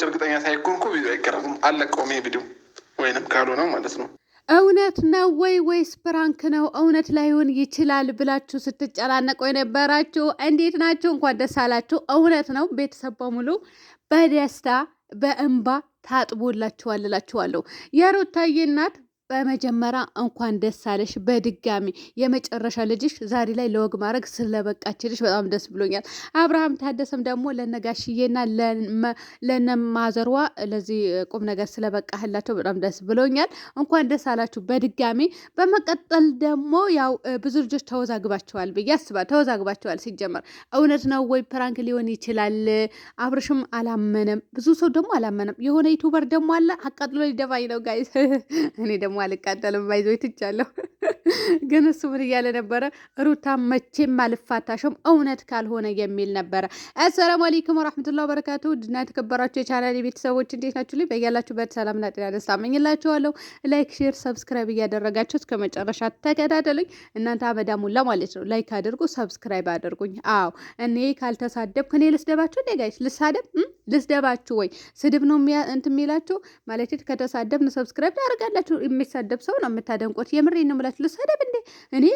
ሰዎች እርግጠኛ ሳይኮንኩ ቪዲዮ አይቀረጽም። አለቀውም ይሄ ቪዲዮ ወይንም ካልሆነ ማለት ነው። እውነት ነው ወይ ወይስ ፕራንክ ነው? እውነት ላይሆን ይችላል ብላችሁ ስትጨናነቁ የነበራችሁ እንዴት ናችሁ? እንኳን ደስ አላችሁ። እውነት ነው። ቤተሰብ በሙሉ በደስታ በእንባ ታጥቦላችኋል እላችኋለሁ። የሩታዬ እናት በመጀመሪያ እንኳን ደስ አለሽ። በድጋሚ የመጨረሻ ልጅሽ ዛሬ ላይ ለወግ ማድረግ ስለበቃችልሽ በጣም ደስ ብሎኛል። አብርሃም ታደሰም ደግሞ ለነጋሽዬና ለነማዘርዋ ለዚህ ቁም ነገር ስለበቃህላቸው በጣም ደስ ብሎኛል። እንኳን ደስ አላችሁ በድጋሚ። በመቀጠል ደግሞ ያው ብዙ ልጆች ተወዛግባቸዋል ብዬ አስባለሁ። ተወዛግባቸዋል ሲጀመር እውነት ነው ወይ ፕራንክ ሊሆን ይችላል። አብርሽም አላመነም፣ ብዙ ሰው ደግሞ አላመነም። የሆነ ዩቱበር ደግሞ አለ አቃጥሎ ሊደባኝ ነው ጋይ እኔ ደግሞ አልቃጠልም ባይዞ ትቻለሁ። ግን እሱ ምን እያለ ነበረ? ሩታ መቼም አልፋታሽም እውነት ካልሆነ የሚል ነበረ። አሰላሙ አለይኩም ወራህመቱላሂ ወበረካቱ ድና የተከበራችሁ የቻናሌ ቤተሰቦች እንዴት ናችሁ? ላይ በያላችሁበት ሰላምና ጤና ደስታ እመኝላችኋለሁ። ላይክ፣ ሼር፣ ሰብስክራይብ እያደረጋችሁ እስከ መጨረሻ ተከታተሉኝ። እናንተ ሙላ ማለት ነው። ላይክ አድርጉ፣ ሰብስክራይብ አድርጉኝ። አዎ እኔ ካልተሳደብኩ እኔ ልስደባችሁ እንዴ? ጋይስ ልሳደብ ልስደባችሁ ወይ? ስድብ ነው እንትን የሚላችሁ ማለት ከተሳደብን ሰብስክራይብ ታደርጋላችሁ። የሚሳደብ ሰው ነው የምታደንቁት። የምሬ ነው የምላችሁ ልሰደብ እንዴ? እኔ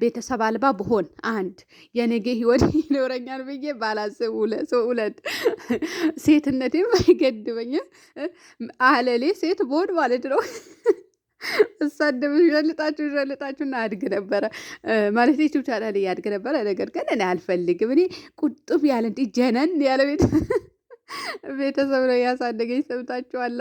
ቤተሰብ አልባ ብሆን አንድ የነገ ህይወት ይኖረኛል ብዬ ባላስብ፣ ሁለት ሴትነቴም አይገድበኝ አለሌ ሴት ቦድ ማለት ነው። እሳደብ ሸልጣችሁ ሸልጣችሁና አድግ ነበረ ማለት ዩቱብ ቻናል እያድግ ነበረ። ነገር ግን እኔ አልፈልግም። እኔ ቁጥብ ያለ እንዲህ ጀነን ያለ ቤት ቤተሰብ ነው እያሳደገኝ። ሰምታችኋላ።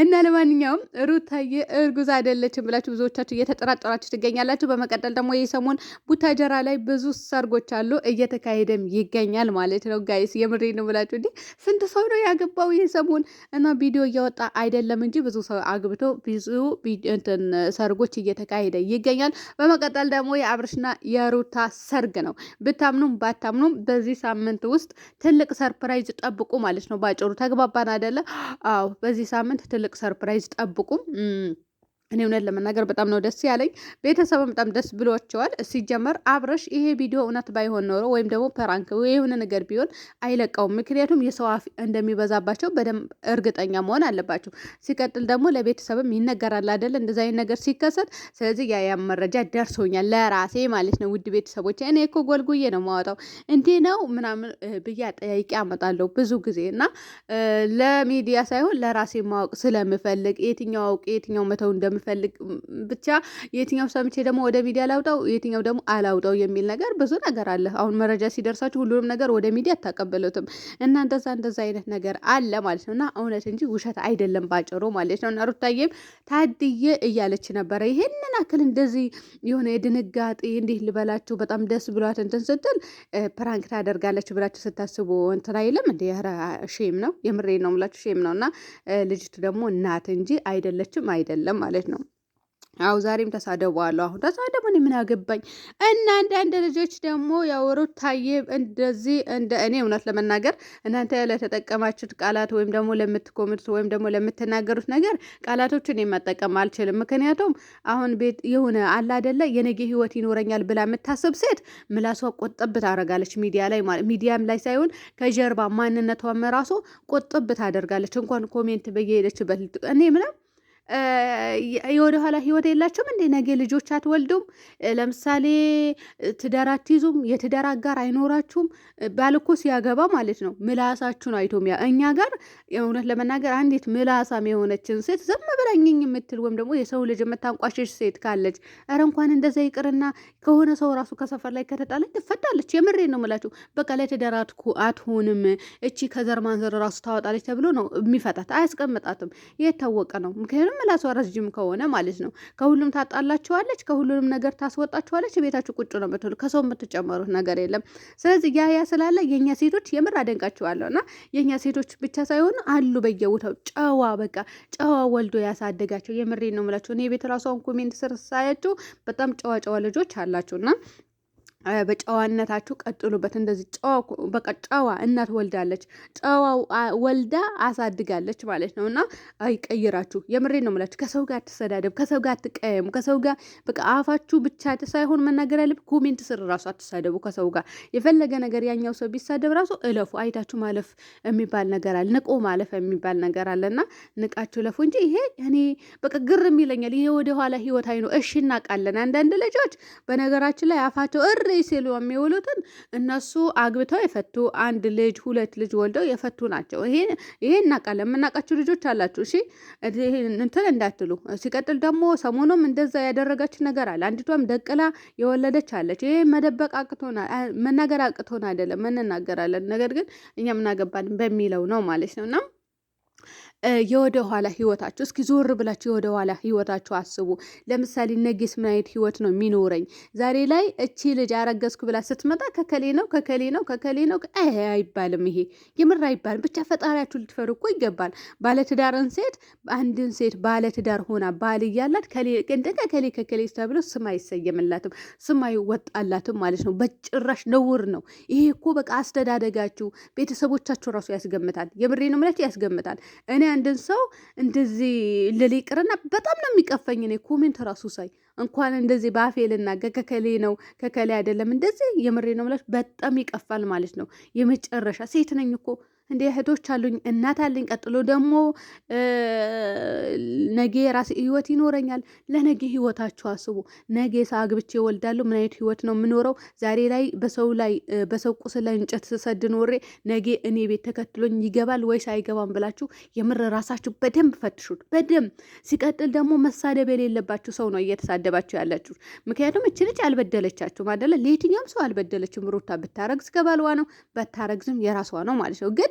እና ለማንኛውም ሩታዬ እርጉዝ አይደለችም ብላችሁ ብዙዎቻችሁ እየተጠራጠራችሁ ትገኛላችሁ። በመቀጠል ደግሞ ይህ ሰሞን ቡታጀራ ላይ ብዙ ሰርጎች አሉ፣ እየተካሄደም ይገኛል ማለት ነው። ጋይስ የምሬ ነው ብላችሁ እንዲህ ስንት ሰው ነው ያገባው ይህ ሰሞን እና ቪዲዮ እያወጣ አይደለም እንጂ ብዙ ሰው አግብቶ ብዙ እንትን ሰርጎች እየተካሄደ ይገኛል። በመቀጠል ደግሞ የአብርሽና የሩታ ሰርግ ነው። ብታምኑም ባታምኑም በዚህ ሳምንት ውስጥ ትልቅ ሰርፕራይዝ ጠብቁ ማለት ማለት ነው። ባጭሩ ተግባባን አደለ አዎ፣ በዚህ ሳምንት ትልቅ ሰርፕራይዝ ጠብቁም። እኔ እውነት ለመናገር በጣም ነው ደስ ያለኝ። ቤተሰብም በጣም ደስ ብሏቸዋል። ሲጀመር አብረሽ ይሄ ቪዲዮ እውነት ባይሆን ኖሮ ወይም ደግሞ ፐራንክ የሆነ ነገር ቢሆን አይለቀውም። ምክንያቱም የሰው አፍ እንደሚበዛባቸው በደንብ እርግጠኛ መሆን አለባቸው። ሲቀጥል ደግሞ ለቤተሰብም ይነገራል አይደለ? እንደዚ አይነት ነገር ሲከሰት። ስለዚህ ያያም መረጃ ደርሶኛል ለራሴ ማለት ነው። ውድ ቤተሰቦች እኔ እኮ ጎልጉዬ ነው ማወጣው እንዲህ ነው ምናምን ብዬ ጠያቂ አመጣለሁ ብዙ ጊዜ እና ለሚዲያ ሳይሆን ለራሴ ማወቅ ስለምፈልግ የትኛው አውቅ የትኛው መተው እንደ እንደምፈልግ ብቻ የትኛው ሰምቼ ደግሞ ወደ ሚዲያ ላውጣው የትኛው ደግሞ አላውጣው የሚል ነገር ብዙ ነገር አለ። አሁን መረጃ ሲደርሳችሁ ሁሉንም ነገር ወደ ሚዲያ አታቀበሉትም እና እንደዛ እንደዛ አይነት ነገር አለ ማለት ነው እና እውነት እንጂ ውሸት አይደለም ባጭሩ ማለት ነው እና ሩታዬም ታድዬ እያለች ነበረ። ይሄንን አክል እንደዚህ የሆነ የድንጋጤ እንዲህ ልበላችሁ በጣም ደስ ብሏት እንትን ስትል ፕራንክ ታደርጋለችሁ ብላችሁ ስታስቡ እንትን አይልም እንደ ሼም ነው። የምሬ ነው ምላችሁ ሼም ነው። እና ልጅቱ ደግሞ እናት እንጂ አይደለችም አይደለም ማለት ነው። ማለት ነው። አው ዛሬም ተሳደቡ አሉ። አሁን ተሳደቡ እኔ ምን አገባኝ። እና እንደ ልጆች ደግሞ ያወሩት ታዬ እንደዚህ እንደ እኔ እውነት ለመናገር እናንተ ለተጠቀማችሁት ቃላት ወይም ደግሞ ለምትኮምት ወይም ደግሞ ለምትናገሩት ነገር ቃላቶችን የማጠቀም አልችልም። ምክንያቱም አሁን ቤት የሆነ አለ አይደለ የነገ ህይወት ይኖረኛል ብላ የምታስብ ሴት ምላሷ ቆጥብ ታደርጋለች። ሚዲያ ላይ ማለት ሚዲያም ላይ ሳይሆን ከጀርባ ማንነቷም ራሱ ቆጥብ ታደርጋለች። እንኳን ኮሜንት በየሄደችበት እኔ ምናምን የወደ ኋላ ህይወት የላቸውም እንዴ? ነገ ልጆች አትወልዱም? ለምሳሌ ትዳር አትይዙም? የትዳር አጋር አይኖራችሁም? ባል እኮ ሲያገባ ማለት ነው ምላሳችሁን አይቶ ሚያ እኛ ጋር እውነት ለመናገር አንዲት ምላሳም የሆነችን ሴት ዝም ብለኝኝ የምትል ወይም ደግሞ የሰው ልጅ የምታንቋሸሽ ሴት ካለች ኧረ እንኳን እንደዛ ይቅርና ከሆነ ሰው ራሱ ከሰፈር ላይ ከተጣለች ትፈዳለች። የምሬ ነው ምላችሁ። በቃ ላይ ትዳር አትሆንም እቺ ከዘር ማንዘር ራሱ ታወጣለች ተብሎ ነው የሚፈታት። አያስቀምጣትም። የታወቀ ነው ምክንያቱም ምንም ላስወረጅም ከሆነ ማለት ነው ከሁሉም ታጣላችኋለች፣ ከሁሉንም ነገር ታስወጣችኋለች። ቤታችሁ ቁጭ ነው የምትሉ ከሰው የምትጨመሩት ነገር የለም። ስለዚህ ያ ያ ስላለ የእኛ ሴቶች የምር አደንቃችኋለሁ እና የእኛ ሴቶች ብቻ ሳይሆኑ አሉ በየቦታው ጨዋ፣ በቃ ጨዋ ወልዶ ያሳደጋቸው የምሬ ነው የምላቸው። እኔ ቤት ራሷን ኮሜንት ስር ሳያቸው በጣም ጨዋ ጨዋ ልጆች አላቸው እና በጨዋነታችሁ ቀጥሉበት። እንደዚህ ጨዋ በቃ ጨዋ እናት ወልዳለች፣ ጨዋ ወልዳ አሳድጋለች ማለት ነው። እና አይቀይራችሁ። የምሬ ነው የምላችሁ። ከሰው ጋር አትሰዳደብ፣ ከሰው ጋር አትቀየሙ፣ ከሰው ጋር በቃ አፋችሁ ብቻ ሳይሆን መናገር ያለብ ኮሜንት ስር ራሱ አትሳደቡ። ከሰው ጋር የፈለገ ነገር ያኛው ሰው ቢሳደብ ራሱ እለፉ። አይታችሁ ማለፍ የሚባል ነገር አለ፣ ንቆ ማለፍ የሚባል ነገር አለ። እና ንቃችሁ እለፉ እንጂ ይሄ እኔ በቃ ግርም ይለኛል። ይሄ ወደኋላ ህይወት አይኖ እሺ፣ እናውቃለን። አንዳንድ ልጆች በነገራችን ላይ አፋቸው እር ሲሉ የሚውሉትን እነሱ አግብተው የፈቱ አንድ ልጅ ሁለት ልጅ ወልደው የፈቱ ናቸው። ይሄ እናውቃለን። የምናውቃቸው ልጆች አላችሁ። እሺ እንትን እንዳትሉ። ሲቀጥል ደግሞ ሰሞኑም እንደዛ ያደረገች ነገር አለ። አንዲቷም ደቅላ የወለደች አለች። ይሄ መደበቅ አቅቶና መናገር አቅቶን አይደለም፣ እንናገራለን። ነገር ግን እኛ ምናገባን በሚለው ነው ማለት ነው እና የወደ ኋላ ህይወታችሁ እስኪ ዞር ብላችሁ የወደ ኋላ ህይወታችሁ አስቡ። ለምሳሌ ነጌስ ምን አይነት ህይወት ነው የሚኖረኝ? ዛሬ ላይ እቺ ልጅ አረገዝኩ ብላ ስትመጣ ከከሌ ነው ከከሌ ነው ከከሌ ነው አይባልም። ይሄ የምር አይባልም። ብቻ ፈጣሪያችሁ ልትፈሩ እኮ ይገባል። ባለትዳርን ሴት አንድን ሴት ባለትዳር ሆና ባል እያላት እንደ ከከሌ ከከሌ ተብሎ ስም አይሰየምላትም፣ ስም አይወጣላትም ማለት ነው። በጭራሽ ነውር ነው ይሄ እኮ በቃ አስተዳደጋችሁ ቤተሰቦቻችሁ ራሱ ያስገምታል። የምሬ ነው የምልህ ያስገምታል። እኔ አንዳንድን ሰው እንደዚህ ልል ይቅርና በጣም ነው የሚቀፈኝ። እኔ ኮሜንት ራሱ ሳይ እንኳን እንደዚህ በአፌ ልናገር ከከሌ ነው ከከሌ አይደለም እንደዚህ የምሬ ነው ብላችሁ በጣም ይቀፋል ማለት ነው። የመጨረሻ ሴት ነኝ እኮ እንዴ እህቶች አሉኝ፣ እናት አለኝ። ቀጥሎ ደግሞ ነገ የራሴ ህይወት ይኖረኛል። ለነገ ህይወታችሁ አስቡ። ነገ ሳግብቼ እወልዳለሁ። ምን አይነት ህይወት ነው የምኖረው? ዛሬ ላይ በሰው ላይ በሰው ቁስ ላይ እንጨት ስሰድ ኖሬ ነገ እኔ ቤት ተከትሎኝ ይገባል ወይስ አይገባም ብላችሁ የምር ራሳችሁ በደንብ ፈትሹት። በደንብ ሲቀጥል ደግሞ መሳደብ የሌለባችሁ ሰው ነው እየተሳደባችሁ ያላችሁ። ምክንያቱም እች ልጅ አልበደለቻችሁም አይደለ? ለየትኛውም ሰው አልበደለችም። ሩታ ብታረግዝ ከባልዋ ነው፣ ባታረግዝም የራሷ ነው ማለት ነው ግን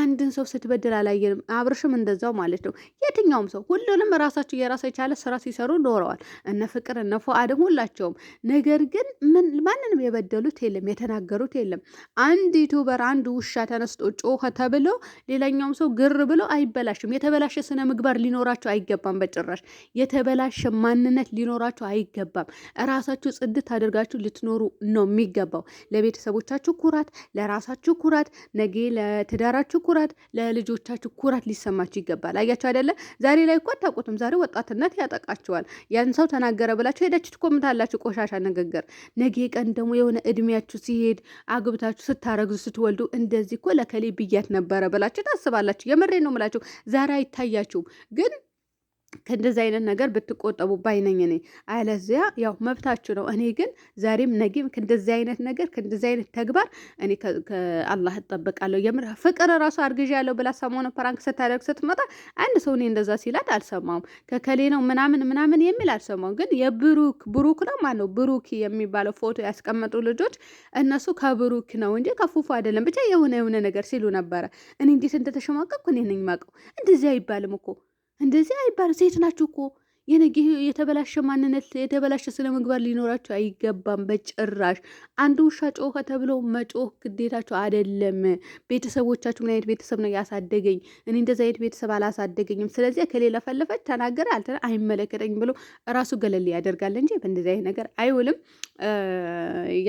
አንድን ሰው ስትበድል አላየንም። አብርሽም እንደዛው ማለት ነው። የትኛውም ሰው ሁሉንም ራሳቸው የራሳ የቻለ ስራ ሲሰሩ ኖረዋል። እነ ፍቅር እነ ፎአድም ሁላቸውም። ነገር ግን ማንንም የበደሉት የለም፣ የተናገሩት የለም። አንድ ዩቱበር አንድ ውሻ ተነስቶ ጮኸ ተብሎ ሌላኛውም ሰው ግር ብሎ አይበላሽም። የተበላሸ ስነ ምግባር ሊኖራቸው አይገባም። በጭራሽ የተበላሸ ማንነት ሊኖራቸው አይገባም። እራሳችሁ ጽድት አድርጋችሁ ልትኖሩ ነው የሚገባው። ለቤተሰቦቻችሁ ኩራት፣ ለራሳችሁ ኩራት፣ ነገ ለትዳራችሁ ለራሳችሁ ኩራት፣ ለልጆቻችሁ ኩራት ሊሰማችሁ ይገባል። አያችሁ አይደለ? ዛሬ ላይ እኮ አታውቁትም። ዛሬ ወጣትነት ያጠቃችኋል። ያን ሰው ተናገረ ብላችሁ ሄዳችሁ ትኮምታላችሁ ቆሻሻ ንግግር። ነገ ቀን ደግሞ የሆነ እድሜያችሁ ሲሄድ አግብታችሁ ስታረግዙ ስትወልዱ እንደዚህ እኮ ለከሌ ብያት ነበረ ብላችሁ ታስባላችሁ። የምሬ ነው የምላችሁ። ዛሬ አይታያችሁም ግን ከእንደዚህ አይነት ነገር ብትቆጠቡ ባይነኝ ነኝ። አለዚያ ያው መብታችሁ ነው። እኔ ግን ዛሬም ነጊም ከእንደዚህ አይነት ነገር ከእንደዚህ አይነት ተግባር እኔ ከአላህ እጠበቃለሁ። የምር ፍቅር ራሱ አርግዣ ያለው ብላ ሰሞኑ ፕራንክ ስታደርግ ስትመጣ አንድ ሰው እኔ እንደዛ ሲላት አልሰማውም። ከከሌ ነው ምናምን ምናምን የሚል አልሰማውም። ግን የብሩክ ብሩክ ነው ማን ነው ብሩክ የሚባለው ፎቶ ያስቀመጡ ልጆች እነሱ ከብሩክ ነው እንጂ ከፉፉ አይደለም። ብቻ የሆነ የሆነ ነገር ሲሉ ነበረ። እኔ እንዴት እንደተሸማቀቅኩ እኔ ነኝ ማቀው። እንደዚያ አይባልም እኮ እንደዚህ አይባል። ሴት ናችሁ እኮ የነገ የተበላሸ ማንነት የተበላሸ ስነ ምግባር ሊኖራቸው አይገባም በጭራሽ። አንድ ውሻ ጮኸ ተብሎ መጮህ ግዴታቸው አደለም። ቤተሰቦቻችሁ ምን አይነት ቤተሰብ ነው ያሳደገኝ? እኔ እንደዚ አይነት ቤተሰብ አላሳደገኝም። ስለዚህ ከሌላ ፈለፈች ተናገረ አልተ አይመለከተኝ ብሎ ራሱ ገለል ያደርጋል እንጂ በእንደዚህ አይነት ነገር አይውልም።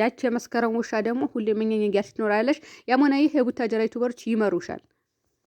ያቺ የመስከረም ውሻ ደግሞ ሁሌ መኘኝ ጋር ትኖራለች። ያም ሆነ ይህ የቡታጀራ ዩቱበሮች ይመሩሻል።